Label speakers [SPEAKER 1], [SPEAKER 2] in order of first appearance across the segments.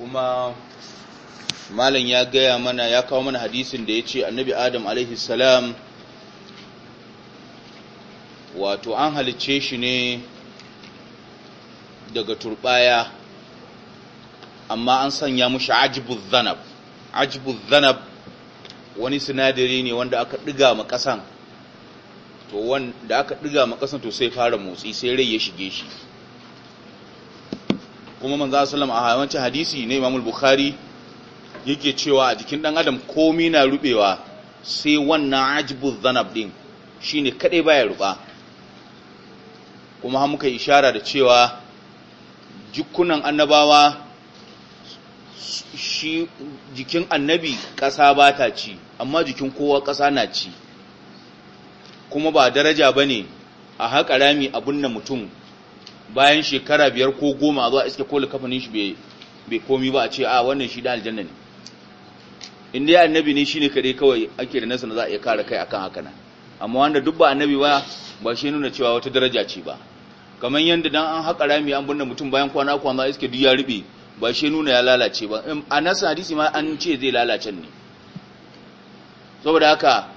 [SPEAKER 1] kuma malam ya gaya mana ya kawo mana hadisin da ya ce annabi adam alaihi salam wato an halicce shi ne daga turbaya amma an sanya mushi ajibul zanab ajibul zanab wani sinadari ne wanda aka ɗiga ma ƙasan to wanda aka ɗiga ma to sai fara motsi sai rai ya shige shi kuma manzo sallam a wancan hadisi ne Imam al Bukhari yake cewa a jikin dan adam komai na rubewa sai wannan ajbu dhanab din shine kadai baya ruba kuma har muka ishara da cewa jikunan annabawa shi jikin annabi ƙasa ba ta ci amma jikin kowa ƙasa na ci kuma ba daraja bane a haƙa rami abin da mutum bayan shekara biyar ko goma a zuwa iske ko kafanin shi bai komi ba a ce a ah, wannan shi da aljanna ne inda ya annabi ne shine kare kawai ake da nasa za a iya kare kai akan haka na amma wanda duk ba annabi ba ba shi nuna cewa wata daraja ce ba kamar yadda dan an haƙa rami an binne mutum bayan kwana kwana iske duk ya rube ba shi nuna ya lalace ba a nasa hadisi ma an ce zai lalace ne saboda haka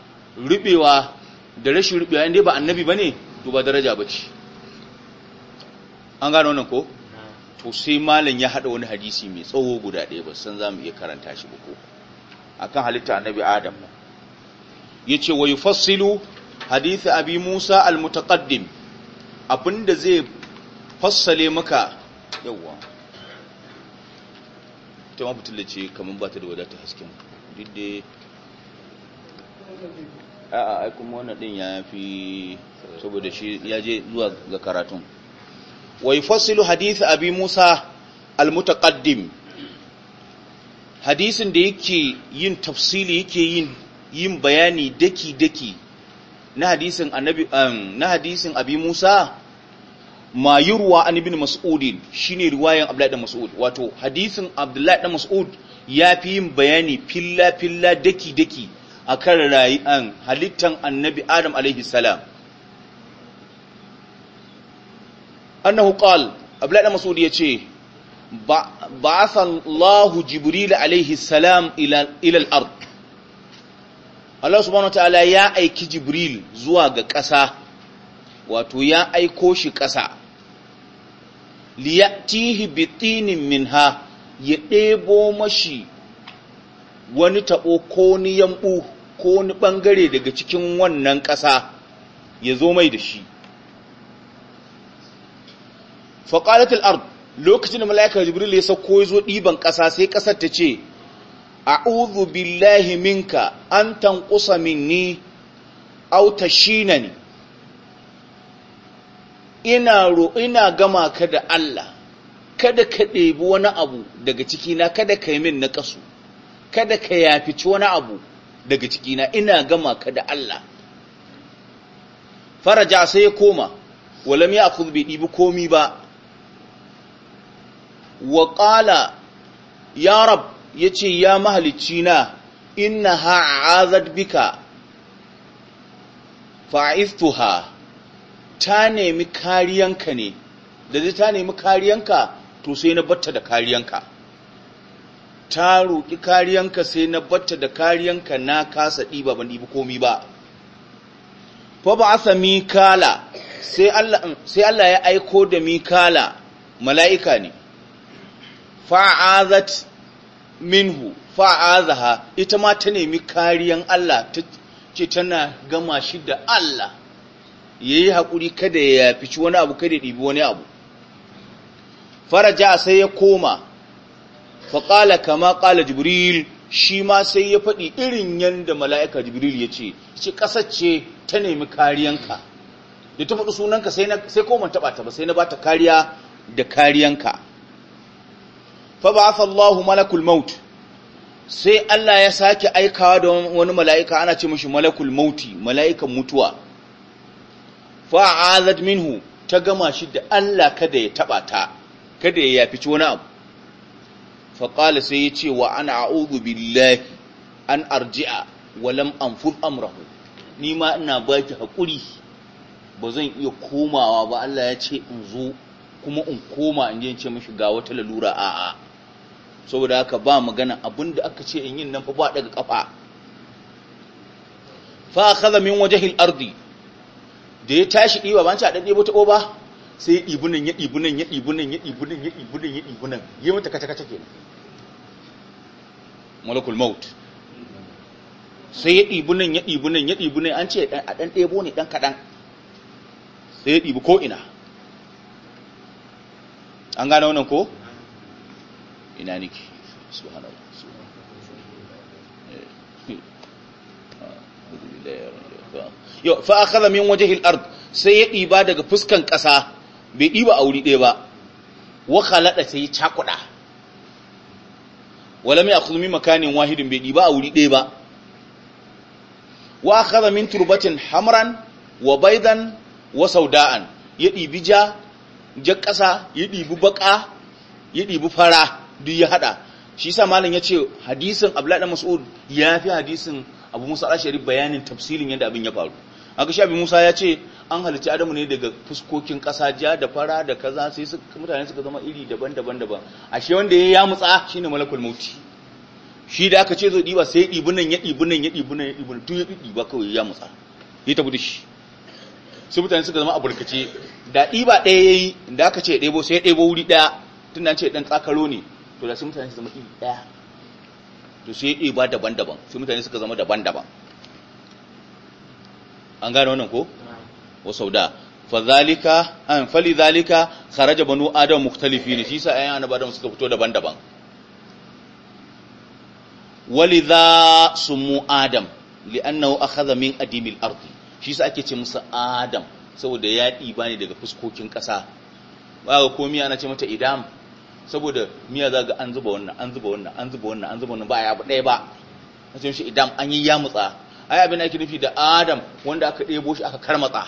[SPEAKER 1] rubewa da rashin rubewa in ba annabi bane to ba daraja bace an gano wannan ko to sai malam ya hada wani hadisi mai tsawo guda ɗaya ba san zamu iya karanta shi ba ko akan halitta annabi adam yace wa yufassilu hadisi abi musa almutaqaddim abinda zai fassale maka yawa ta ma butulla ce kaman ba ta da wadata hasken duk da a'a kuma wannan din ya fi saboda shi ya je zuwa ga karatun wa yufassilu hadith abi Musa al-mutaqaddim hadisin da yake yin tafsili yake yin yin bayani daki daki na hadisin annabi na hadisin abi Musa ma yurwa an ibn mas'ud shine riwayan abdullahi dan mas'ud wato hadisin abdullahi dan mas'ud ya fi yin bayani filla filla daki daki akan rayi'an halittan annabi adam alaihi salam annahu qal abdullahi mas'ud yace ba'atha Allahu jibril alaihi salam ila ila al-ard Allah subhanahu wataala ya aiki jibril zuwa ga ƙasa wato ya aiko shi ƙasa liyatihi bitinin minha ya ɗebo mashi wani taɓo ko ni yambu ko ni ɓangare daga cikin wannan ƙasa ya zo mai da shi faƙalatul ard lokacin da malaika jibril ya sako ya zo diban kasa sai kasar ta ce a'udhu billahi minka an tanqusa minni aw tashinani ina ro ina gama ka da Allah kada ka ɗebi wani abu daga cikina kada kai min na kasu kada ka yafici wani abu daga cikina ina gama ka da Allah faraja sai ya koma walam ya akhudh ɗibi dibi komi ba wa ƙala ya rab ce ya mahalicci na innaha a'azat bika fa'istuha ta nemi kariyanka ne da zai ta nemi kariyanka to sai na batta da kariyanka ta roƙi kariyanka sai na batta da kariyanka na kasa ɗiba ban ɗibi komi ba fa ba sami kala sai Allah ya aiko da mikala mala'ika ne fa'azat minhu fa'azaha ita ma ta nemi kariyan Allah ta ce tana gama shi da Allah yi hakuri kada ya yafici wani abu kada ya ɗibi wani abu faraja sai ya koma faƙala kama ƙala jibril shi ma sai ya faɗi irin yadda mala'ika jibril ya ce shi ƙasar ce ta nemi kariyanka da ta faɗi sunanka sai koma taɓa ta ba sai na ba ta kariya da kariyanka fa ba'atha Allahu malakul maut sai Allah ya sake aikawa da wani mala'ika ana ce mashi malakul mauti mala'ikan mutuwa fa'azat minhu ta gama shi da Allah kada ya taba ta kada ya ci wani abu faƙala sai ya ce wa ana a'udhu billahi an arji'a walam anfud amrahu ni ma ina baki haƙuri ba zan iya komawa ba Allah ya ce in zo kuma in koma in je in ce mishi ga wata lalura a'a saboda haka ba magana abinda aka ce in yin nan fa ba daga kafa fa akhadha min wajhi al-ardi da ya tashi diba ban ci a dade ba ta ba sai dibunan ya dibunan ya dibunan ya dibunan ya dibunan ya dibunan yi mata kata kata kenan malakul maut sai ya dibunan ya dibunan ya dibunan an ce a dan debo ne dan kadan sai ya dibu ko ina an gane wannan ko ina nake subhanallah eh, yau fa akhadha min wajhi al sai ya ɗiba daga fuskan ƙasa, bai a wuri ɗaya ba wa khalada sai cakuɗa cakuda wala mai akhudhu min makanin wahidin bai a wuri ɗaya ba wa akhadha min turbatin hamran wa baidan, wa sauda'an ya ɗibi ja ja ya ɗibi baƙa, ya ɗibi fara duk ya hada shi yasa malam ce hadisin Abdullah dan Mas'ud fi hadisin Abu Musa al-Ashari bayanin tafsilin yadda abin ya faru aka shabi Musa ya ce an halitta Adamu ne daga fuskokin kasa ja da fara da kaza sai mutane suka zama iri daban-daban daban ashe wanda ya yamutsa shine malakul mauti shi da aka ce zo diba sai dibi ya dibi ya dibi ya dibi tun ya diba kawai ya yamutsa ya tafi shi sai mutane suka zama aburkace da diba ɗaya yayi da aka ce ɗebo sai ɗebo wuri ɗaya tun an ce ɗan tsakaro ne to da su mutane su zama iri daya to su yi ba daban-daban su mutane suka zama daban-daban an gane wannan ko wa sauda fadhalika an falidhalika kharaja banu adam ne, shi sa ayan annabawa suka fito daban-daban Wali za su mu adam li'annahu akhadha min adimil ardi shi sa ake ce musu adam saboda ya ɗiba ne daga fuskokin ƙasa ba ga komai ana ce mata idam saboda miya za ga an zuba wannan an zuba wannan an zuba wannan an zuba wannan ba ya abu ɗaya ba a cikin shi idan an yi ya mutsa ai abin da ake nufi da adam wanda aka ɗebo shi aka karmatsa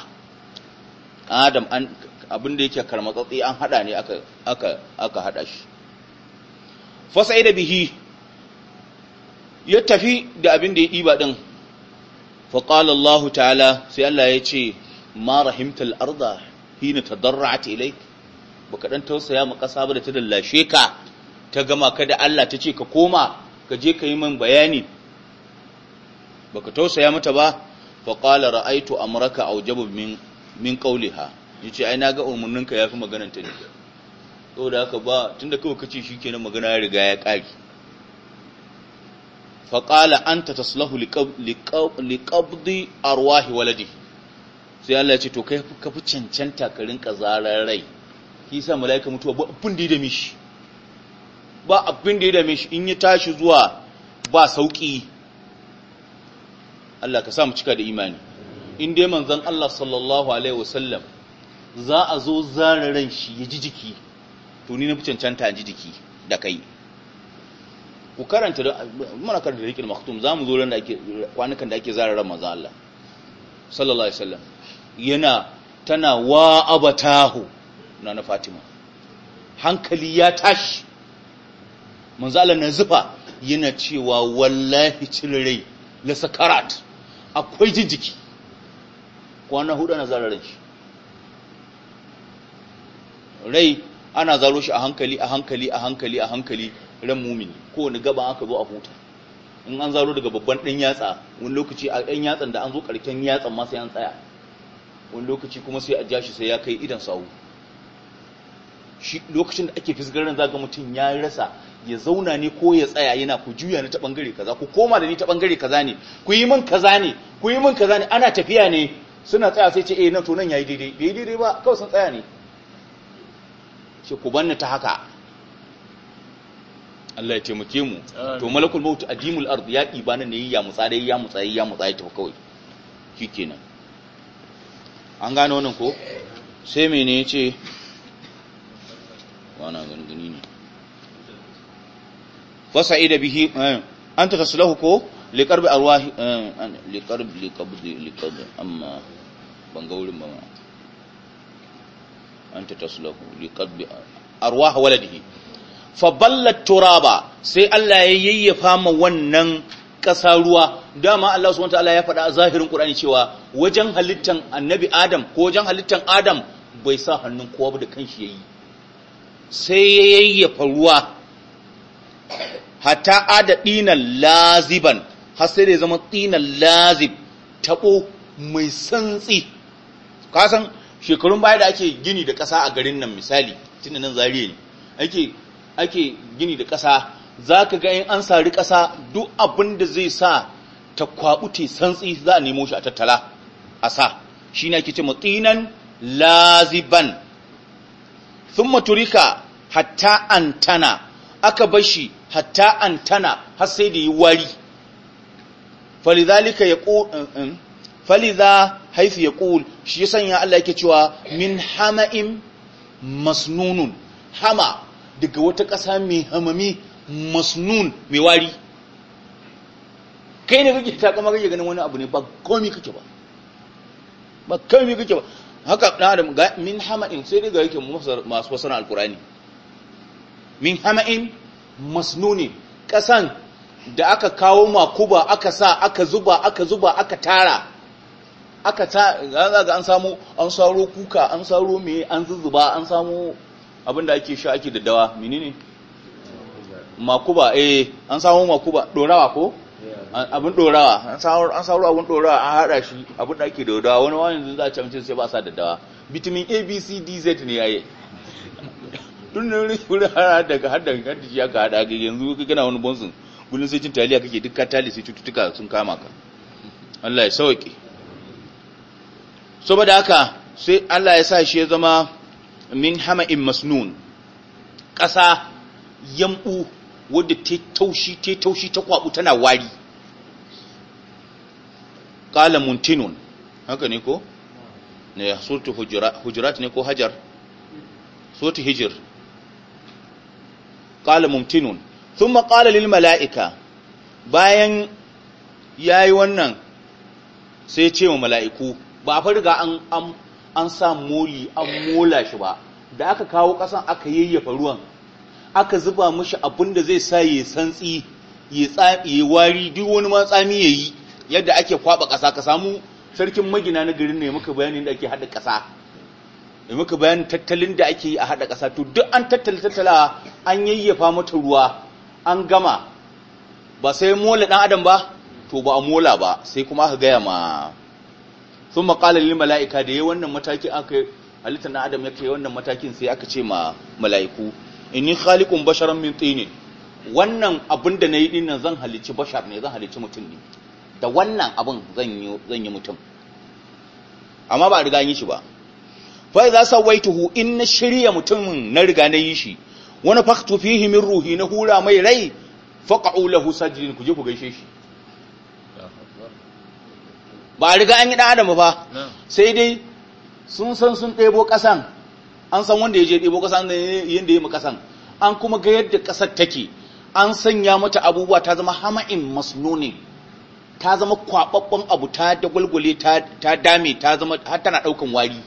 [SPEAKER 1] adam an abin da yake karmatsatsi an hada ne aka aka aka hada shi fasai da bihi ya tafi da abin da ya ɗiba din fa qala Allah ta'ala sai Allah ya ce ma rahimtal arda hina tadarra'at ilayk baka dan tausaya mu kasa ba da ta dallashe ka ta gama ka da Allah ta ce ka koma ka je ka yi min bayani baka tausaya mata ba fa qala ra'aytu amraka awjabu min min qawliha yace ai naga umurninka yafi maganar ta ne saboda haka ba tunda kawai kace shikenan magana ya riga ya kare fa qala anta taslahu qabdi arwahi waladi sai Allah ya ce to kai ka fi cancanta ka rinka zarar rai ki sa mala'ika mutuwa ba abin da ya dame shi ba abin da ya dame shi in ya tashi zuwa ba sauƙi Allah ka sa mu cika da imani in dai manzon Allah sallallahu alaihi wasallam za a zo zararen shi ya ji jiki to ni na fi cancanta ji jiki da kai ku karanta da muna karanta da rikil maktum za mu zo ran da ake kwanukan da ake zararan manzon Allah sallallahu alaihi wasallam yana tana wa abatahu na fatima hankali ya tashi manzala na zufa yana cewa wallahi cire la sakarat akwai jijiki kwana huda na zararin shi rai ana zaro shi a hankali a hankali a hankali a hankali ran mumini wani gaba aka zo a huta in an zaro daga babban ɗan yatsa wani lokaci a ɗan yatsan da an zo ƙarken yatsan ma sai an tsaya wani lokaci kuma sai a ja shi sai ya kai idan sawu lokacin da ake fisgarin zaga mutum ya rasa ya zauna ne ko ya tsaya yana ku juya ni ta bangare kaza ku koma da ni ta bangare kaza ne ku yi min kaza ne ku yi min kaza ne ana tafiya ne suna tsaya sai ce eh na to nan yayi daidai bai daidai ba kawai sun tsaya ne shi ku banni ta haka Allah ya taimake mu to malakul maut adimul ard ya diba nan ne ya mutsa dai ya mutsa ya mutsa ta kawai shikenan an gano nan ko sai mene yace wasa ida bihi an ta tasu taslahu ko liqarbi arwahi liqarbi liqabdi liqabdi amma ban ga wurin ba ma an ta tasu taslahu liqabdi arwah waladihi faballar ballat turaba sai Allah ya yayyafa ma wannan ƙasa ruwa dama Allah su wanta Allah ya faɗa a zahirin Qur'ani cewa wajen halittar Annabi Adam ko wajen halittar Adam bai sa hannun kowa da kan shi ya yi sai ya yayyafa ruwa hatta ada dinan laziban har sai da ya zama dinan lazib tabo mai santsi ka san shekarun baya da ake gini da ƙasa a garin nan misali tunda nan zariye ne ake ake gini da ƙasa zaka ga in an sari ƙasa duk abin da zai sa ta kwabu te santsi za a nemo shi a tattala a sa shi ne ake cewa matsinan laziban sun maturika hatta antana aka shi. hatta an tana har sai da yi wari falidhalika faliza haifi ya eh, eh, yaqul shi ya sanya Allah yake cewa min hama'in masnunun hama daga wata ƙasa mai hamami masnun mai wari kai ne kake ta kama kake ganin wani abu ne ba komi kake ba ba komi kake ba haka dan adam min hama'in sai daga yake masu al alqurani min hama'in masnuni ƙasan da aka kawo makuba aka sa aka zuba aka zuba aka tara aka ta ga an samu an saro kuka an saro me an zuzuba an samu abinda ake sha ake daddawa menene makuba eh an samu makuba dorawa ko abin dorawa an samu an saro abin dorawa an hada shi abin da ake dorawa wani wani yanzu za a ci sai ba sa daddawa vitamin A B C D Z ne yayi tun da wani wuri hara daga har daga da shi aka hada ga yanzu ka gana wani bonsin gudun sai cin taliya kake duk katali sai cututtuka sun kama ka Allah ya sauke saboda haka sai Allah ya sa shi ya zama min hama'in masnun ƙasa yambu wadda ta taushi ta taushi ta kwabu tana wari qala muntinun haka ne ko ne surtu hujurat ne ko hajar surtu hijir kala mumtinun sun maƙala lil mala'ika bayan ya yi wannan sai ce wa mala'iku ba a riga an an moli an mola shi ba da aka kawo ƙasan aka yayyafa ruwan aka zuba mishi da zai sa ya santsi ya yi wari duk wani ma tsami yayi yadda ake kwaba kasa ka samu sarkin magina na garin ne muka bayanin da ake hada ƙasa. da muka bayan tattalin da ake yi a haɗa ƙasa to duk an tattala tattala an yayyafa mata ruwa an gama ba sai mola ɗan adam ba to ba a mola ba sai kuma aka gaya ma sun maƙalar lil mala'ika da ya wannan matakin aka halittar ɗan adam ya kai wannan matakin sai aka ce ma mala'iku inni khaliqun basharan min tinin wannan abin da nayi dinnan zan halicci bashar ne zan halicci mutum ne da wannan abin zan yi mutum amma ba a riga yi shi ba fa idza sawaituhu in na shirya mutumin na riga na yi shi wani faktu fihi min ruhi na hura mai rai faqa'u lahu sajidin ku je ku gaishe shi ba riga an yi dan adam ba sai dai sun san sun ɗebo ƙasan an san wanda ya je ɗebo ƙasan yadda ya mu ƙasan an kuma ga yadda ƙasar take an sanya mata abubuwa ta zama hama'in masnuni ta zama kwaɓaɓɓen abu ta dagwalgwale ta dame ta zama har tana ɗaukan wari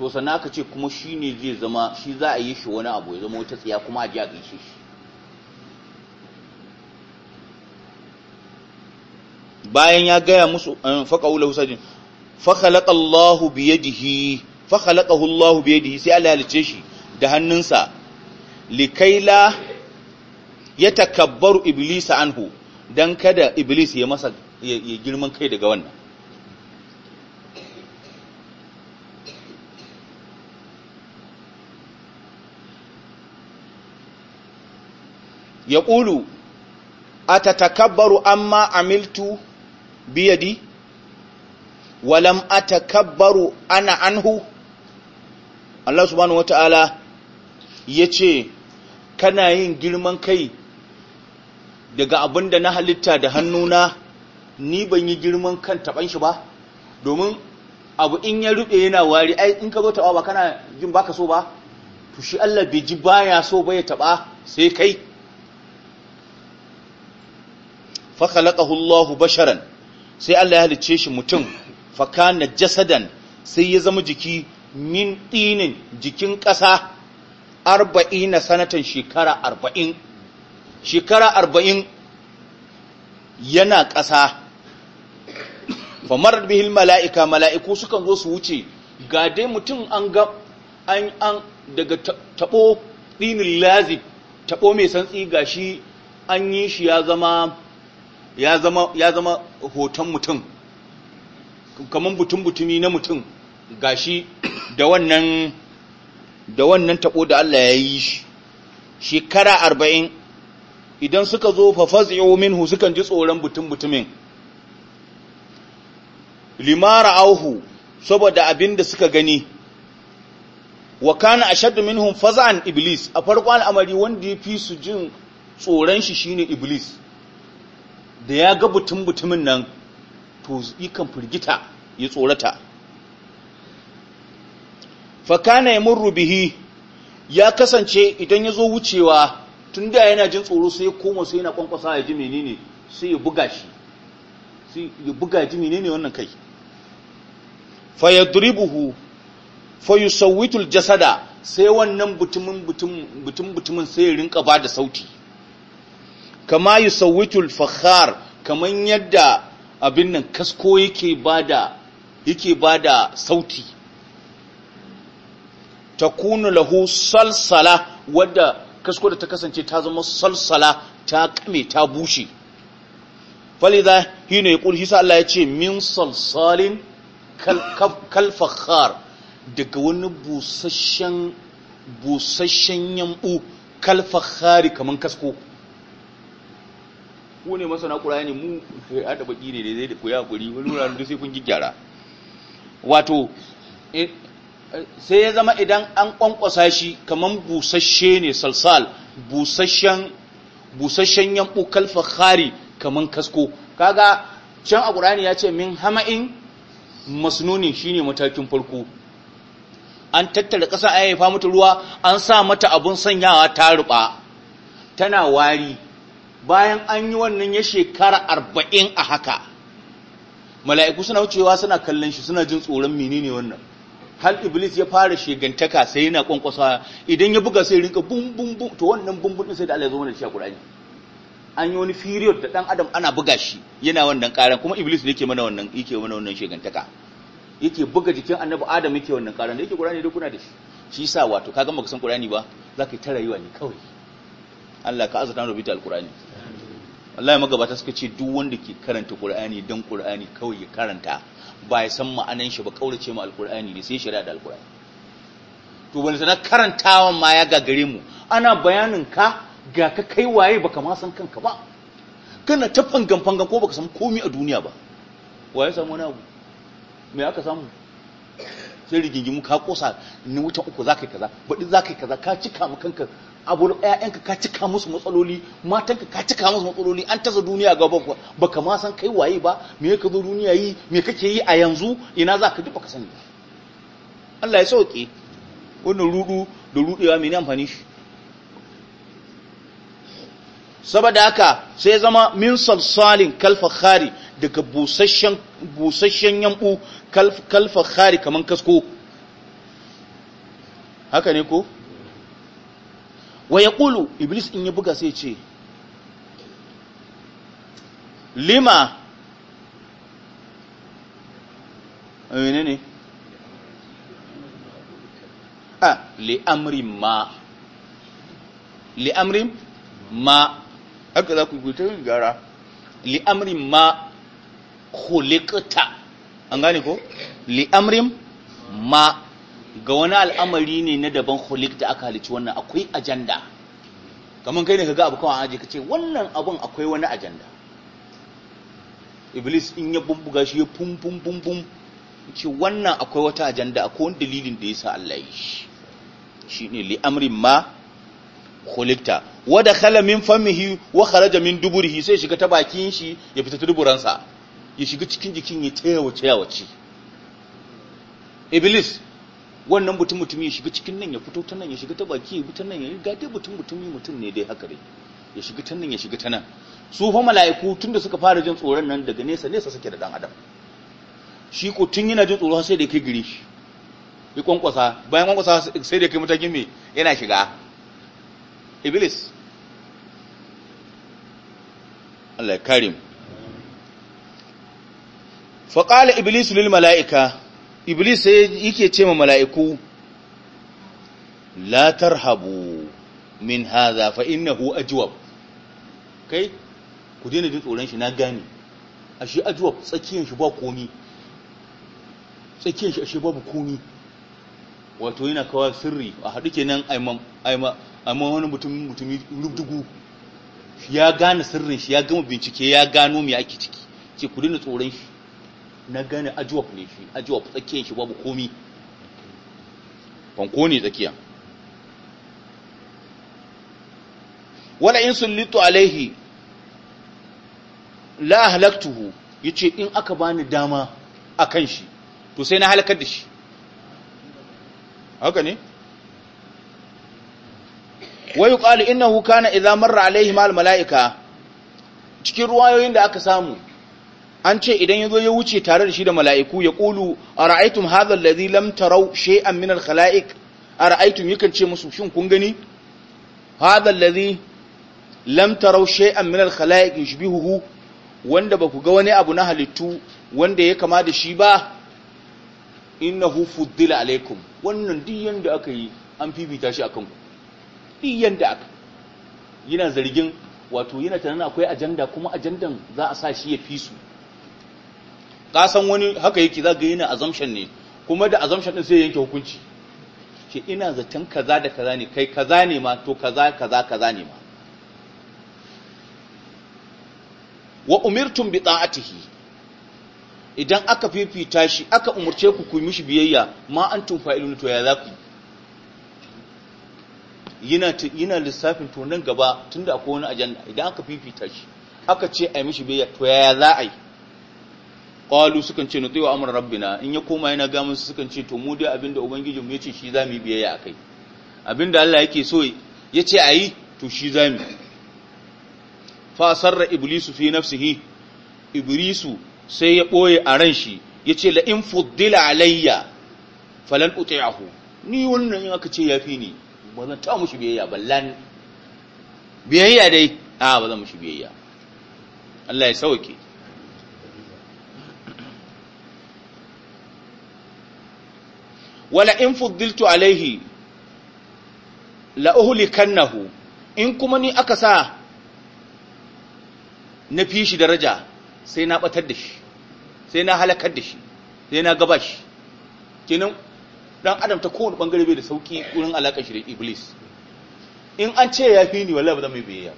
[SPEAKER 1] to sannan aka ce kuma shi ne zai zama shi za a yi shi wani abu ya zama wata tsaya kuma a ji a gaishe shi bayan ya gaya musu eh, faƙa'ulahu sajin fakhalaƙallahu biyadihi fakhalaƙahu Allahu sai Allah halice shi da hannunsa likaila ya takabbaru iblisa anhu don kada iblis ya masa ya girman kai daga wannan ya ƙulu a ta tatakabbaru amma amiltu biyadi walam a takabbaru ana anhu Allah subhanahu wa ta'ala ya ce kana yin girman kai daga abin da na halitta da hannuna ni ban yi girman kan taɓan shi ba domin abu in ya ruɓe yana wari ai in ka zo taɓa ba kana jin baka so ba to Allah bai ji baya so ba ya taɓa sai kai fa khalaqahu Allahu basharan sai Allah ya halicce shi mutum fa kana jasadan sai ya zama jiki min dinin jikin ƙasa 40 sanatan shekara arba'in shekara arba'in yana ƙasa famar bihil mala'ika mala'iku sukan zo su wuce ga dai mutum an ga an an daga taɓo ɗinin lazi taɓo mai santsi ga shi an yi shi ya zama ya zama hoton mutum kamar butun butumi na mutum gashi da wannan da wannan tabo da Allah ya yi shi shekara arba'in, idan suka zo fa fazi'u minhu sukan ji tsoron butun butumin limara auhu saboda abin da suka gani wa kana ashaddu minhum faz'an iblis a farko al'amari wanda ya fi su jin tsoron shi shine iblis da ya ga butun butumin nan to yakan firgita ya tsorata fakana ya murru bihi ya kasance idan ya zo wucewa tun da yana jin tsoro sai ya koma sai yana kwankwasa ya ji menene sai ya buga shi sai ya buga ji menene wannan kai fa yadribuhu fa sauwitul jasada sai wannan butumin butumin sai ya rinka da sauti kama yusawwitul fakhar kaman yadda abin nan kasko yake bada yake bada sauti takunu lahu salsala wadda kasko da ta kasance ta zama salsala ta kame ta bushe falidha hina yaqul hisa Allah ce min salsalin kal fakhar daga wani busasshen busasshen yambu kal fakhari kaman kasko ku ne masana ne mu a da ne zai da ku ya hakuri da sai kun gyara wato eh, eh, sai ya zama idan an ƙwanƙwasa shi kaman busasshe ne salsal busasshen busasshen kalfa khari kaman kasko kaga can a ne ya ce min hama'in masnunin ne matakin farko an tattara ƙasa a yayyafa mata ruwa an sa mata abun sanyawa ta ruba tana wari bayan an yi wannan ya shekara arba'in a haka mala'iku suna wucewa suna kallon shi suna jin tsoron menene wannan hal iblis ya fara shegantaka sai yana kwankwasa idan ya buga sai rinka bumbumbum to wannan bumbumbum sai da Allah ya zo mana da shi a Qur'ani an yi wani period da ɗan adam ana buga shi yana wannan ƙaran, kuma iblis ne yake mana wannan yake mana wannan shegantaka yake buga jikin annabi adam yake wannan ƙaran. da yake Qur'ani da kuna da shi shi yasa wato kaga maka san Qur'ani ba ka yi ta rayuwa ne kawai Allah ka azata rubuta alqur'ani wallahi magabata suka ce duk wanda ke karanta qur'ani dan qur'ani kawai ya karanta ba ya san ma'anan shi ba kaurace ma qurani ne sai shari'a da al-Qur'ani to ban sanar karantawan ma ya gagare mu ana bayanin ka ga ka kai waye baka ma san kanka ba kana ta fangan fangan ko baka san komai a duniya ba waye samu wani abu me aka samu sai rigingimu ka kosa ni wuta uku zakai kaza baɗi zakai kaza ka cika mu kanka abu ƴaƴanka ka cika musu matsaloli matanka ka cika musu matsaloli an taza duniya ga bakwa baka ma san kai waye ba me ka zo duniya yi me kake yi a yanzu ina za ka duba ka sani Allah ya sauke wannan rudu da rudewa ne amfani shi saboda haka sai zama min salsalin fakhari daga busasshen busasshen yambu kari kaman kasko haka ne ko wa ya ƙulu iblis in yi buga sai ce lima eh, ne ne a ah, li'amri ma li'amri ma aka za ku kuta gara li'amri ma kulikuta an gani ko li'amri ma ga wani al'amari ne na daban hulik da aka halici wannan akwai ajanda kamar kai ne ka ga abu kawai aji ka ce wannan abun akwai wani ajanda iblis in ya bumbuga shi ya fum fum ce wannan akwai wata ajanda akwai wani dalilin da ya sa Allah yi shi shine li amrin ma khuliqta wa dakhala min famihi wa kharaja min duburihi sai shiga ta bakin shi ya fita duburansa ya shiga cikin jikin ya tayawace yawace iblis wannan mutum mutumi ya shiga cikin nan ya fito ta nan ya shiga ta baki ya fito nan ya ga dai mutum mutumi mutum ne dai haka dai ya shiga ta nan ya shiga ta nan su fa mala'iku da suka fara jin tsoron nan daga nesa nesa suke da dan adam shi ko tun yana jin tsoro sai da kai gire shi ya kwankwasa bayan kwankwasa sai da kai matakin me yana shiga iblis Allah ya kare mu faqala iblis lil mala'ika iblis sai yake ce ma mala'iku la tarhabu min hadha fa innahu ajwab kai ku daina jin tsoron shi na gane ashe ajwab tsakiyar shi ba komi tsakiyar shi ashe babu komi wato yana kawo sirri a haɗu kenan aima wani mutum mutumi rubdugu ya gane sirrin shi ya gama bincike ya gano me ake ciki ce ku daina tsoron shi na gane ajiwa ne shi ajiwa tsakiyar shi babu komi fanko ne tsakiya wala in sullitu alaihi la Ya ce in aka bani dama akan shi to sai na halakar da shi haka ne wayu qalu ina hukana idan marar alaihi mal malaika cikin ruwayoyin da aka samu an ce idan ya zo ya wuce tare da shi da mala'iku ya ƙulu a ra'aitun hazar lazi lamtarau she'an minar khala'ik a ra'aitun yakan ce musu shin kun gani hazar lazi lamtarau she'an minar khala'ik ya shi huhu wanda ba ku ga wani abu na halittu wanda ya kama da shi ba inna hufu dila alaikum wannan diyan da aka yi an fifita shi a kanku diyan da aka yana zargin wato yana tanana akwai ajanda kuma ajandan za a sa shi ya fi su ka san wani haka yake za ga yana assumption ne kuma da assumption din sai ya yanke hukunci ce ina zaton kaza da kaza ne kai kaza ne ma to kaza kaza kaza ne ma wa umirtum bi ta'atihi idan aka fifita shi aka umurce ku ku mishi biyayya ma antum fa'ilun to ya za ku yana yana lissafin to nan gaba tunda akwai wani ajanda idan aka fifita shi aka ce a mishi biyayya to ya za a yi qalu sukan ce nuti'u amra rabbina in ya koma yana ga su sukan ce to mu dai abinda ubangijin mu yace shi zamu biyayya akai abinda Allah yake so yace ayi to shi zamu fa sarra iblisu fi nafsihi iblisu sai ya boye a ran shi yace la in fuddila alayya falan uti'ahu ni wannan in aka ce yafi ni ba zan ta mushi biyayya ballan biyayya dai a ba zan mushi biyayya Allah ya sauke wala in fuddiltu alaihi la uhlikannahu in kuma ni aka sa na fi shi daraja sai na batar da shi sai na halakar da shi sai na gaba shi kinan dan adam ta kowane bangare bai da sauki wurin alakar shi da iblis in an ce ya fi ni wallahi ba zan mai biyayya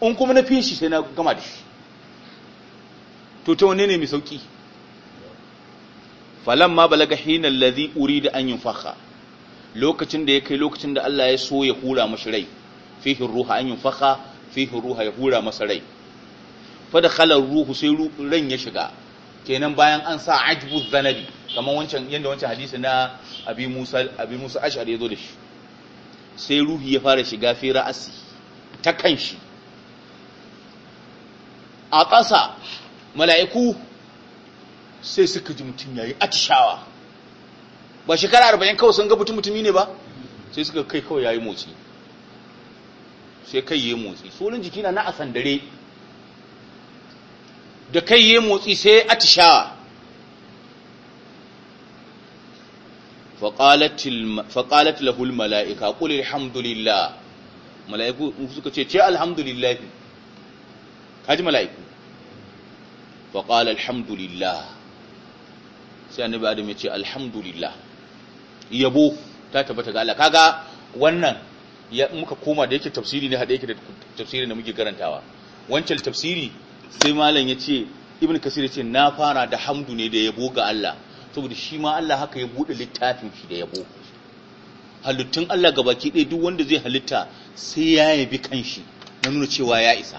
[SPEAKER 1] ba in kuma na fi shi sai na gama da shi to ta wanne ne mai sauki falan ma balaga hina uri uri an yunfakha lokacin da ya kai lokacin da Allah ya so ya hura mashi rai fihi ruha an yunfakha fihi ruha ya hura masa rai fa da ruhu sai ran ya shiga kenan bayan an sa ajbu zanabi kamar wancan yanda wancan hadisi na abi Musa abi Musa Ash'ari yazo da shi sai ruhi ya fara shiga fi ra'asi ta kanshi a ƙasa mala'iku sai suka ji mutum yayi atishawa ba shekara arba'in kawai sun ga mutum mutumi ne ba sai suka kai kawai yayi motsi sai kai yayi motsi sunan jiki na na asandare da kai yayi motsi sai atishawa faƙalat lahul mala'ika ƙul alhamdulillah mala'iku suka ce ce alhamdulillah kaji mala'iku faƙal alhamdulillah sai annabi adam ya ce alhamdulillah yabo ta tabbata ga Allah kaga wannan ya muka koma da yake tafsiri ne hada yake da tafsiri da muke karantawa wancan tafsiri sai malam ya ce ibn kasir ya ce na fara da hamdu ne da yabo ga Allah saboda shi ma Allah haka ya bude littafin shi da yabo halittun Allah ga baki ɗaya duk wanda zai halitta sai ya yabi kanshi na nuna cewa ya isa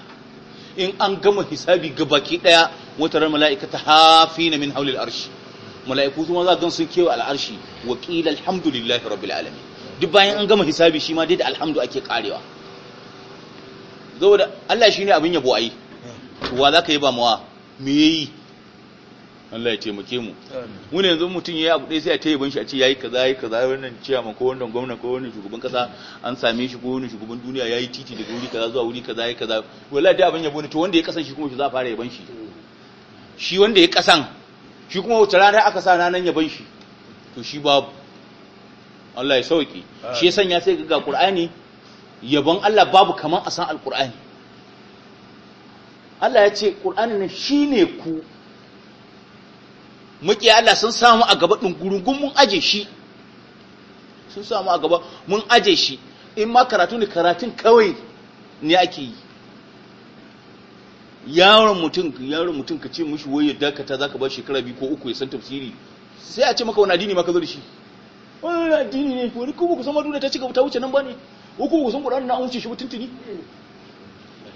[SPEAKER 1] in an gama hisabi ga baki ɗaya wata ran mala'ika hafi na min haulil arshi mala'iku kuma za gan sun kewa al'arshi wa qila alhamdulillahi rabbil alamin duk bayan an gama hisabi shi ma dai da alhamdu ake karewa saboda Allah shi ne abin yabo ai wa zaka yi ba mawa me yayi Allah ya taimake mu mun yanzu mutun yayi abu dai sai a taya ban shi a ce yayi kaza yayi kaza wannan ciyama ko wannan gwamna ko wannan shugaban kasa an same shi ko wannan shugaban duniya yayi titi daga wuri kaza zuwa wuri kaza yayi kaza wallahi da abin yabo ne to wanda ya kasan shi kuma shi za fara yaban shi shi wanda ya kasan shi kuma wace rana aka sa ranan yaban shi to shi babu Allah ya sauki shi ya sanya sai ga Qur'ani yaban Allah babu kaman a san Al-Qur'ani Allah ya ce Qur'ani ne shi ne ku muke Allah sun samu a gaba dungurungun mun aje shi sun samu a gaba mun aje shi in ma karatu ne karatun kawai ne ake yi yaron mutum yaron mutum ka ce mishi waye ya dakata zaka ba shekara biyu ko uku ya san tafsiri sai a ce maka wani addini ma ka zo da shi wani addini ne wani kuma kusan maduna ta cika ta wuce nan ba ne uku kusan kudan na wuce shi mutuntuni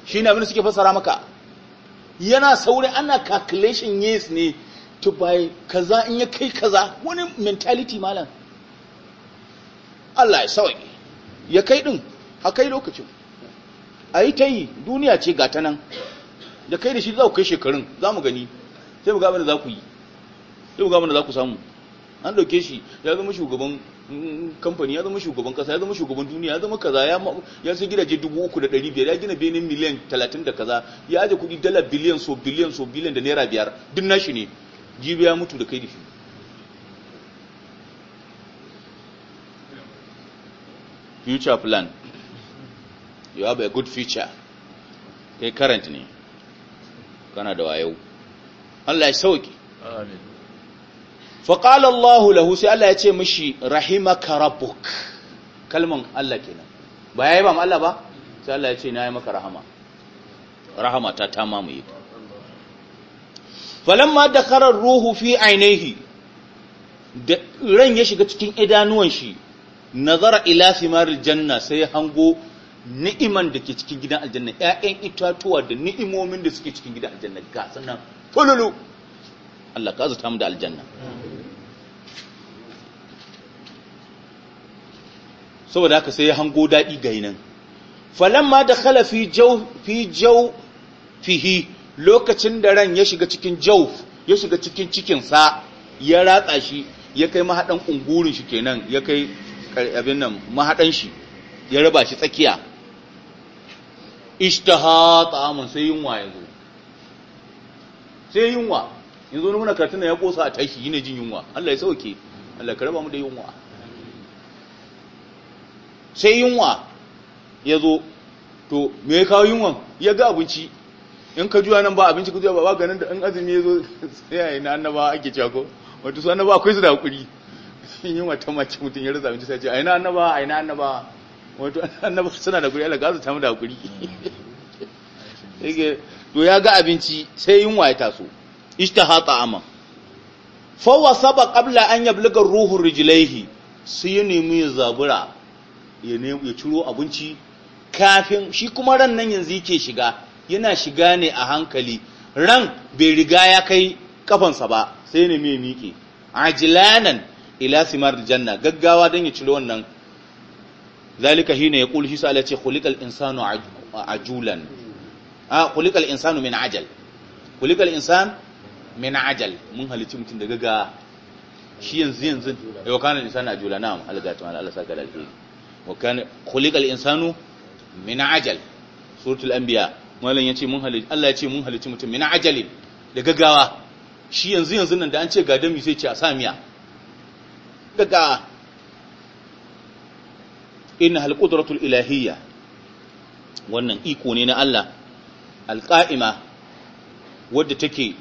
[SPEAKER 1] shi abin abinda suke fassara maka yana saurin ana calculation yes ne to by kaza in ya kai kaza wani mentality malam Allah ya sauke ya kai din a kai lokacin a yi ta yi duniya ce gata nan da kai da shi za ku kai shekarun za mu gani sai mu gaba da za ku yi sai mu gaba da za ku samu an dauke shi ya zama shugaban mm, kamfani ya zama shugaban kasa ya zama shugaban duniya ya zama kaza ya uku sai gidaje biyar ya gina benin miliyan talatin da kaza ya aje kudi dala biliyan so biliyan so biliyan da naira biyar duk nashi ne jibi ya mutu da kai da shi future plan you have a good future kai current ne kana da wayo Allah ya sauki amin fa qala Allahu lahu sai Allah ya ce mishi rahimaka rabbuk kalman Allah kenan ba yayi ba mu Allah ba sai Allah ya ce na yi maka rahama rahama ta ta yi ka falamma dakara ruhu fi ainihi da ran ya shiga cikin idanuwan shi nazara ila thimaril janna sai hango ni'iman da ke cikin gidan aljanna ƴaƴan itatuwa da ni'imomin da suke cikin gidan aljanna ga sannan fululu Allah ka zata mu da aljanna saboda haka sai ya hango daɗi ga nan falamma da khala fi jaw fi jaw fihi lokacin da ran ya shiga cikin jaw ya shiga cikin cikin sa ya ratsa shi ya kai mahadan kungurin shi kenan ya kai abin nan mahadan shi ya raba shi tsakiya ishtaha ta'amun sai yunwa ya zo sai yunwa yanzu wani muna karatun ya kosa a tashi na jin yunwa Allah ya sauke Allah ka raba mu da yunwa sai yunwa ya zo to me ya kawo yunwan ya ga abinci in ka juya nan ba abinci ka juya ba ba ganin da in azumi ya zo sai na annaba ake cewa ko wato su annaba akwai su da hakuri yunwa ta mace mutum ya rasa abinci sai ce ai na annaba ai na annaba wato annabi suna da guri Allah ga su tamu da guri yake to ya ga abinci sai yunwa ya taso ishtaha ta'ama fa wa saba qabla an yabluga ruhu rijlaihi sai ya nemi ya zabura ya ne ya ciro abinci kafin shi kuma ran nan yanzu yake shiga yana shiga ne a hankali ran bai riga ya kai kafansa ba sai ya nemi ya miƙe ajilanan ila simar janna gaggawa don ya ciro wannan zalika hina yaqul shi sai ce khuliqal insanu ajulan a ah, khuliqal insanu min ajal khuliqal insan min ajal mun halicci mutum daga ga shi yanzu yanzu yau kana insanu ajula na'am algatu mal Allah saka dalili wa kana khuliqal insanu min ajal suratul anbiya mallan yace mun halicci Allah mun halicci ajalin da gaggawa shi yanzu yanzu nan da an ce ga dami sai ce a samiya gaggawa inna halƙudratul ilahiyya wannan iko ne na Allah alƙa'ima wadda take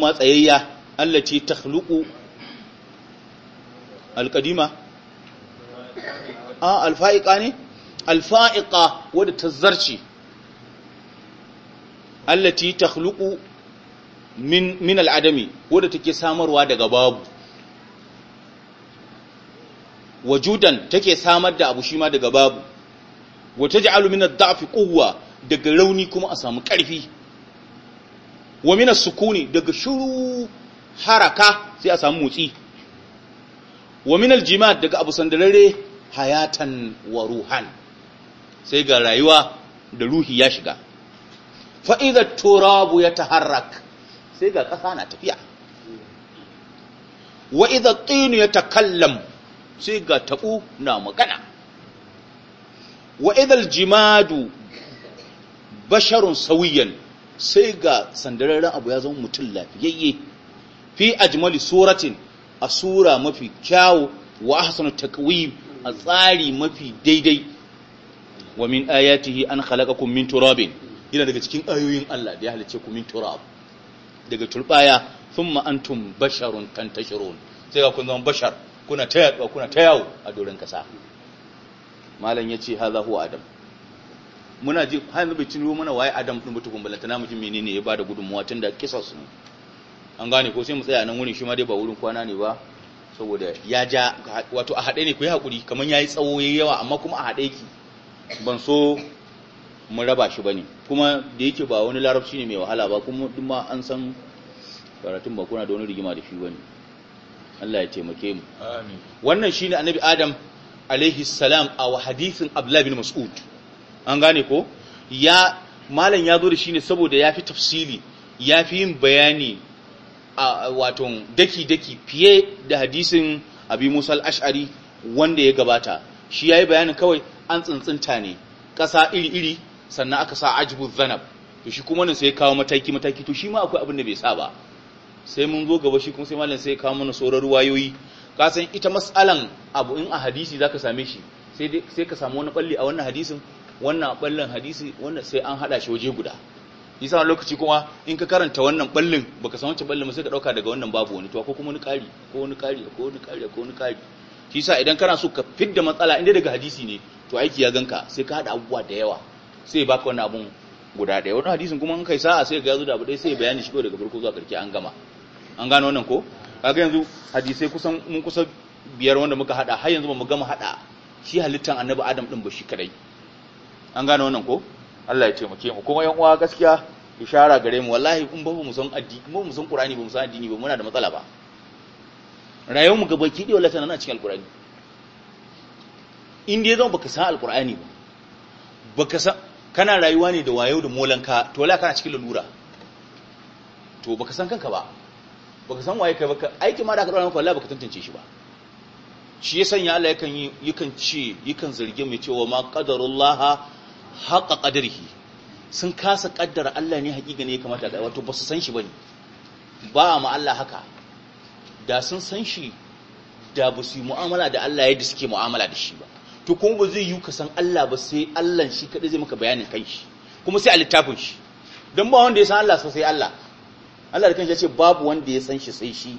[SPEAKER 1] matsayayya Allah ce ta haluƙu alƙadima a alfa'iƙa ne alfa'iƙa wadda ta zarce Allah ce ta haluƙu min al'adami wadda take samarwa daga babu wajudan take samar da abu shi ma daga babu wa taj'alu min ad-da'fi quwwa daga rauni kuma a samu ƙarfi wa min sukuni daga shuru haraka sai a samu motsi wa min al-jima' daga abu sandarare hayatan wa ruhan sai ga rayuwa da ruhi ya shiga fa idha turabu yataharrak sai ga ƙasa na tafiya wa idha at-tin yatakallam sai ga taɓu na magana wa idal jimadu basharun sauyan sai ga sandararren abu ya zama mutum lafiyayye fi ajmali suratin a sura mafi kyawu wa ahsanu taqwim a tsari mafi daidai wa min ayatihi an khalaqakum min turabin yana daga cikin ayoyin Allah da ya halice ku min turab daga turbaya thumma antum basharun tantashirun sai ga kun zama bashar kuna ta yaduwa kuna ta yawo a doron kasa malam ya ce haza huwa adam muna ji hannu bai ciro mana waye adam din mutukun balanta namu jin menene ya bada gudunmuwa tunda kisar ne an gane ko sai mu tsaya nan wurin shi ma dai ba wurin kwana ne ba saboda ya ja wato a haɗe ne ku yi haƙuri kamar ya yi tsawo ya yi yawa amma kuma a haɗe ki ban so mun raba shi ba ne kuma da yake ba wani larabci ne mai wahala ba kuma duk ma an san karatun ba kuna da wani rigima da shi ba ne Allah ya taimake mu wannan shine annabi adam alaihi salam a hadisin abdullah bin mas'ud an gane ko ya malam ya zo da shine saboda ya fi tafsili ya fi yin bayani a wato daki daki fiye da hadisin abi musa al-ash'ari wanda ya gabata shi yayi bayanin kawai an tsintsinta ne ƙasa iri iri sannan aka sa ajbu zanab to shi kuma nan sai ya kawo mataki mataki to shi ma akwai abin da bai sa ba sai mun zo gaba shi kuma sai malam sai ya kawo mana sauran ruwayoyi ka san ita mas'alan abu in a hadisi zaka same shi sai sai ka samu wani balli a wannan hadisin wannan ballin hadisi wannan sai an hada shi waje guda yasa lokaci kuma in ka karanta wannan ballin baka san wancan ballin sai ka dauka daga wannan babu wani to ko kuma wani kari ko wani kari ko wani kari ko wani kari shi yasa idan kana so ka fidda matsala inda daga hadisi ne to aiki ya ganka sai ka hada abubuwa da yawa sai baka wannan abun guda daya wannan hadisin kuma in kai sa'a sai ga yazo da abu dai sai bayani shi daga farko zuwa karshe an gama an gano wannan ko kaga yanzu hadisai kusan mun kusa biyar wanda muka hada har yanzu ba mu gama hada shi halittan annabi adam din ba shi kadai an gano wannan ko Allah ya taimake mu kuma yan uwa gaskiya ishara gare mu wallahi kun ba mu san addini ba mu san qur'ani ba mu san addini ba muna da matsala ba rayuwar mu gaba ki dole tana cikin alqur'ani in dai zan baka san alqur'ani ba baka san kana rayuwa ne da wayo da molanka to wallahi kana cikin lalura to baka san kanka ba baka san waye kai baka aikin ma da aka dora maka wallahi baka tantance shi ba shi ya sanya Allah yakan yi yakan ce yakan zarge mu cewa ma qadarullah haqa qadarihi sun kasa kaddara Allah ne hakika ne ya kamata da wato ba su san shi bane ba ma Allah haka da sun san shi da ba su yi mu'amala da Allah yadda suke mu'amala da shi ba to kuma ba zai yi ka san Allah ba sai Allah shi kadai zai maka bayanin shi kuma sai a littafin shi don ba wanda ya san Allah sai Allah Allah da kanshi ya ce babu wanda ya san shi sai shi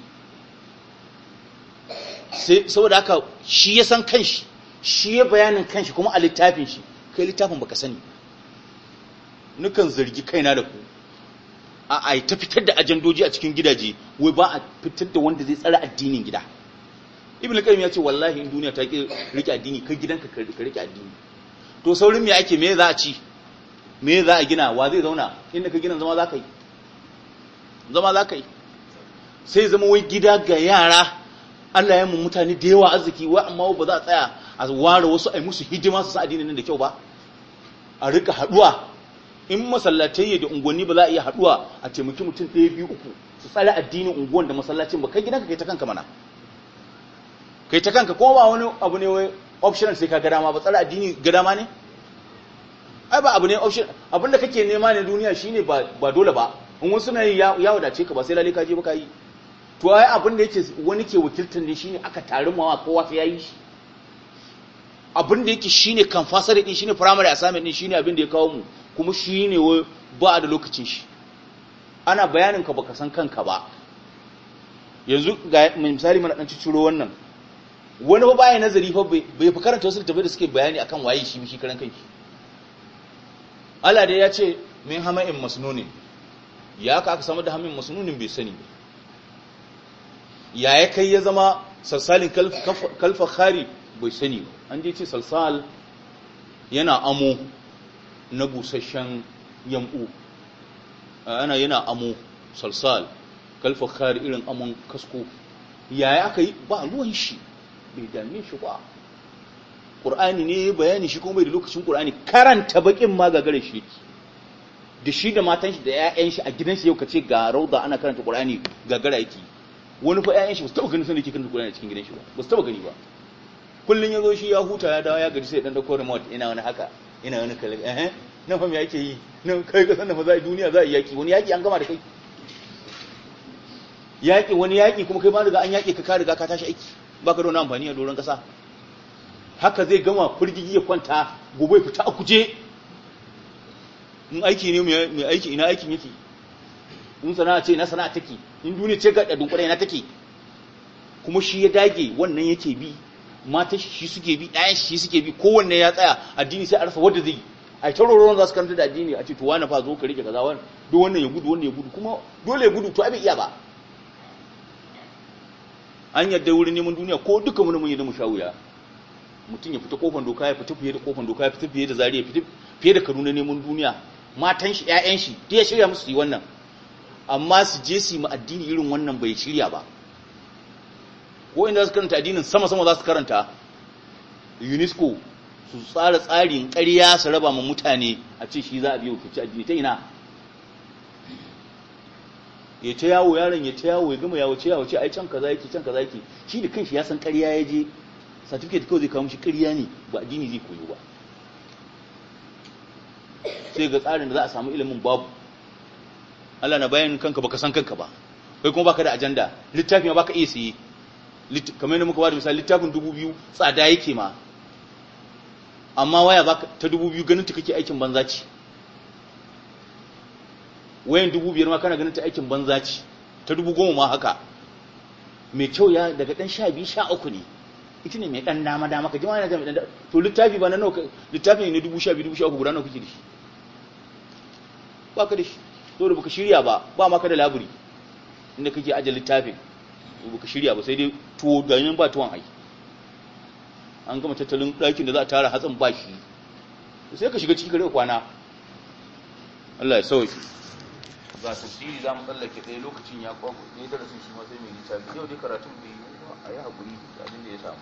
[SPEAKER 1] saboda haka shi ya san kanshi shi ya bayanin kanshi kuma a littafin shi kai littafin baka sani nukan zargi kaina da ku a ai ta fitar da ajandoji a cikin gidaje wai ba a fitar da wanda zai tsara addinin gida ibn qayyim ya ce wallahi in duniya ta rike addini kai gidanka ka rike addini to saurin me ake me za a ci me za a gina wa zai zauna inda ka gina zama za ka yi zama za ka yi sai zama wai gida ga yara Allah ya mu mutane da yawa arziki wa amma ba za a tsaya a ware wasu a yi musu hijima su sa addinin nan da kyau ba a rika haduwa in masallatai da unguwanni ba za a iya haduwa a taimaki mutum ɗaya biyu uku su tsara addinin unguwan da masallacin ba kai gidanka kai ta kanka mana kai ta kanka ko ba wani abu ne wai optional sai ka ga dama ba tsara addini ga dama ne ai ba abu ne option abinda kake nema ne duniya shine ba dole ba in wasu na yi ya wadace ka ba sai lalika ka je baka yi to ai abin da yake wani ke wakiltar ne shine aka tarin mawa kowa ta yayi shi abin da yake shine compulsory din shine primary assignment din shine abin da ya kawo mu kuma shine ba da lokacin shi ana bayanin ka baka san kanka ba yanzu ga misali mana dan ciciro wannan wani ba bai nazari fa bai fi karanta wasu tabbai da suke bayani akan waye shi shi karan kanki Allah dai ya ce min hama'in masnunin ya ka aka samu da hamin masnunin bai sani ba ya ya kai ya zama salsalin kalfa khari bai sani ba an je ce salsal yana amo na busasshen yam'u ana yana amo salsal kalfa khari irin amon kasko ya ya aka yi ba ruwan shi bai dame shi ba ƙur'ani ne bayani shi kuma bai da lokacin ƙur'ani karanta baƙin ma shi yake da shi da matan shi da 'ya'yan shi a gidan shi yau kace ga rauda ana karanta Qur'ani ga gara yake wani fa 'ya'yan shi ba su taba ganin sun da ke karanta Qur'ani a cikin gidan shi ba ba su taba gani ba kullun yazo shi ya huta ya dawo ya gaji sai dan dauko remote ina wani haka ina wani kalle eh na fam yake yi nan kai ka sanin fa za duniya za yaki wani yaki an gama da kai yaki wani yaki kuma kai ba riga an yaki ka ka riga ka tashi aiki baka da wani amfani a doron kasa haka zai gama furgigi ya kwanta gobe fita a kuje in aiki ne mai aiki ina aikin yake in sana'a ce ina sana'a take in duniya ce ga dunkura ina take kuma shi ya dage wannan yake bi mata shi suke bi ɗayan shi suke bi kowanne ya tsaya addini sai a rasa wanda zai a yi tauraron za su karanta da addini a ce to wani fa zo ka rike kaza duk wannan ya gudu wannan ya gudu kuma dole ya gudu to abin iya ba an yadda wurin neman duniya ko duka wani mun yadda mu shawuya mutum ya fita kofan doka ya fita fiye da kofan doka ya fita fiye da zariya fita fiye da kaduna neman duniya matan shi ƴaƴan shi duk ya shirya musu yi wannan amma su je su yi addini irin wannan bai shirya ba ko inda su karanta addinin sama sama za su karanta UNESCO su tsara tsarin ƙarya su raba ma mutane a ce shi za a biyo kici addini ta ina ya ta yawo yaron ya ta yawo ya gama yawo ce yawo ce ai can kaza yake can kaza yake shi da kanshi ya san ƙarya ya je certificate kawai zai kawo mishi ƙarya ne ba addini zai koyo ba sai ga tsarin da za a samu ilimin babu Allah na bayan kanka baka san kanka ba kai kuma baka da ajanda littafin ma baka iya siye kamar yadda muka bada misali littafin dubu biyu tsada yake ma amma waya baka ta dubu biyu ganin ta kake aikin banza ci. wayan dubu biyar ma kana ganin ta aikin banza ci. ta dubu goma ma haka mai kyau ya daga dan sha biyu sha uku ne ita ne mai dan dama dama ka ji ma yana da to littafi ba na nawa littafin ne dubu sha biyu dubu sha uku guda nawa kuke da shi ba ka da shi da baka shirya ba ba ma ka da laburi inda kake aje littafin baka shirya ba sai dai tuwo ganin ba tuwon ai an gama tattalin ɗakin da za a tara hatsin ba shi sai ka shiga ciki kare kwana Allah ya ba su tafsiri za mu tsallake ɗaya lokacin ya kwago ne darasin shi ma sai mai littafi yau dai karatun bai yi a yi haƙuri abin da ya samu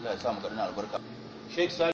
[SPEAKER 1] Allah ya samu mu albarka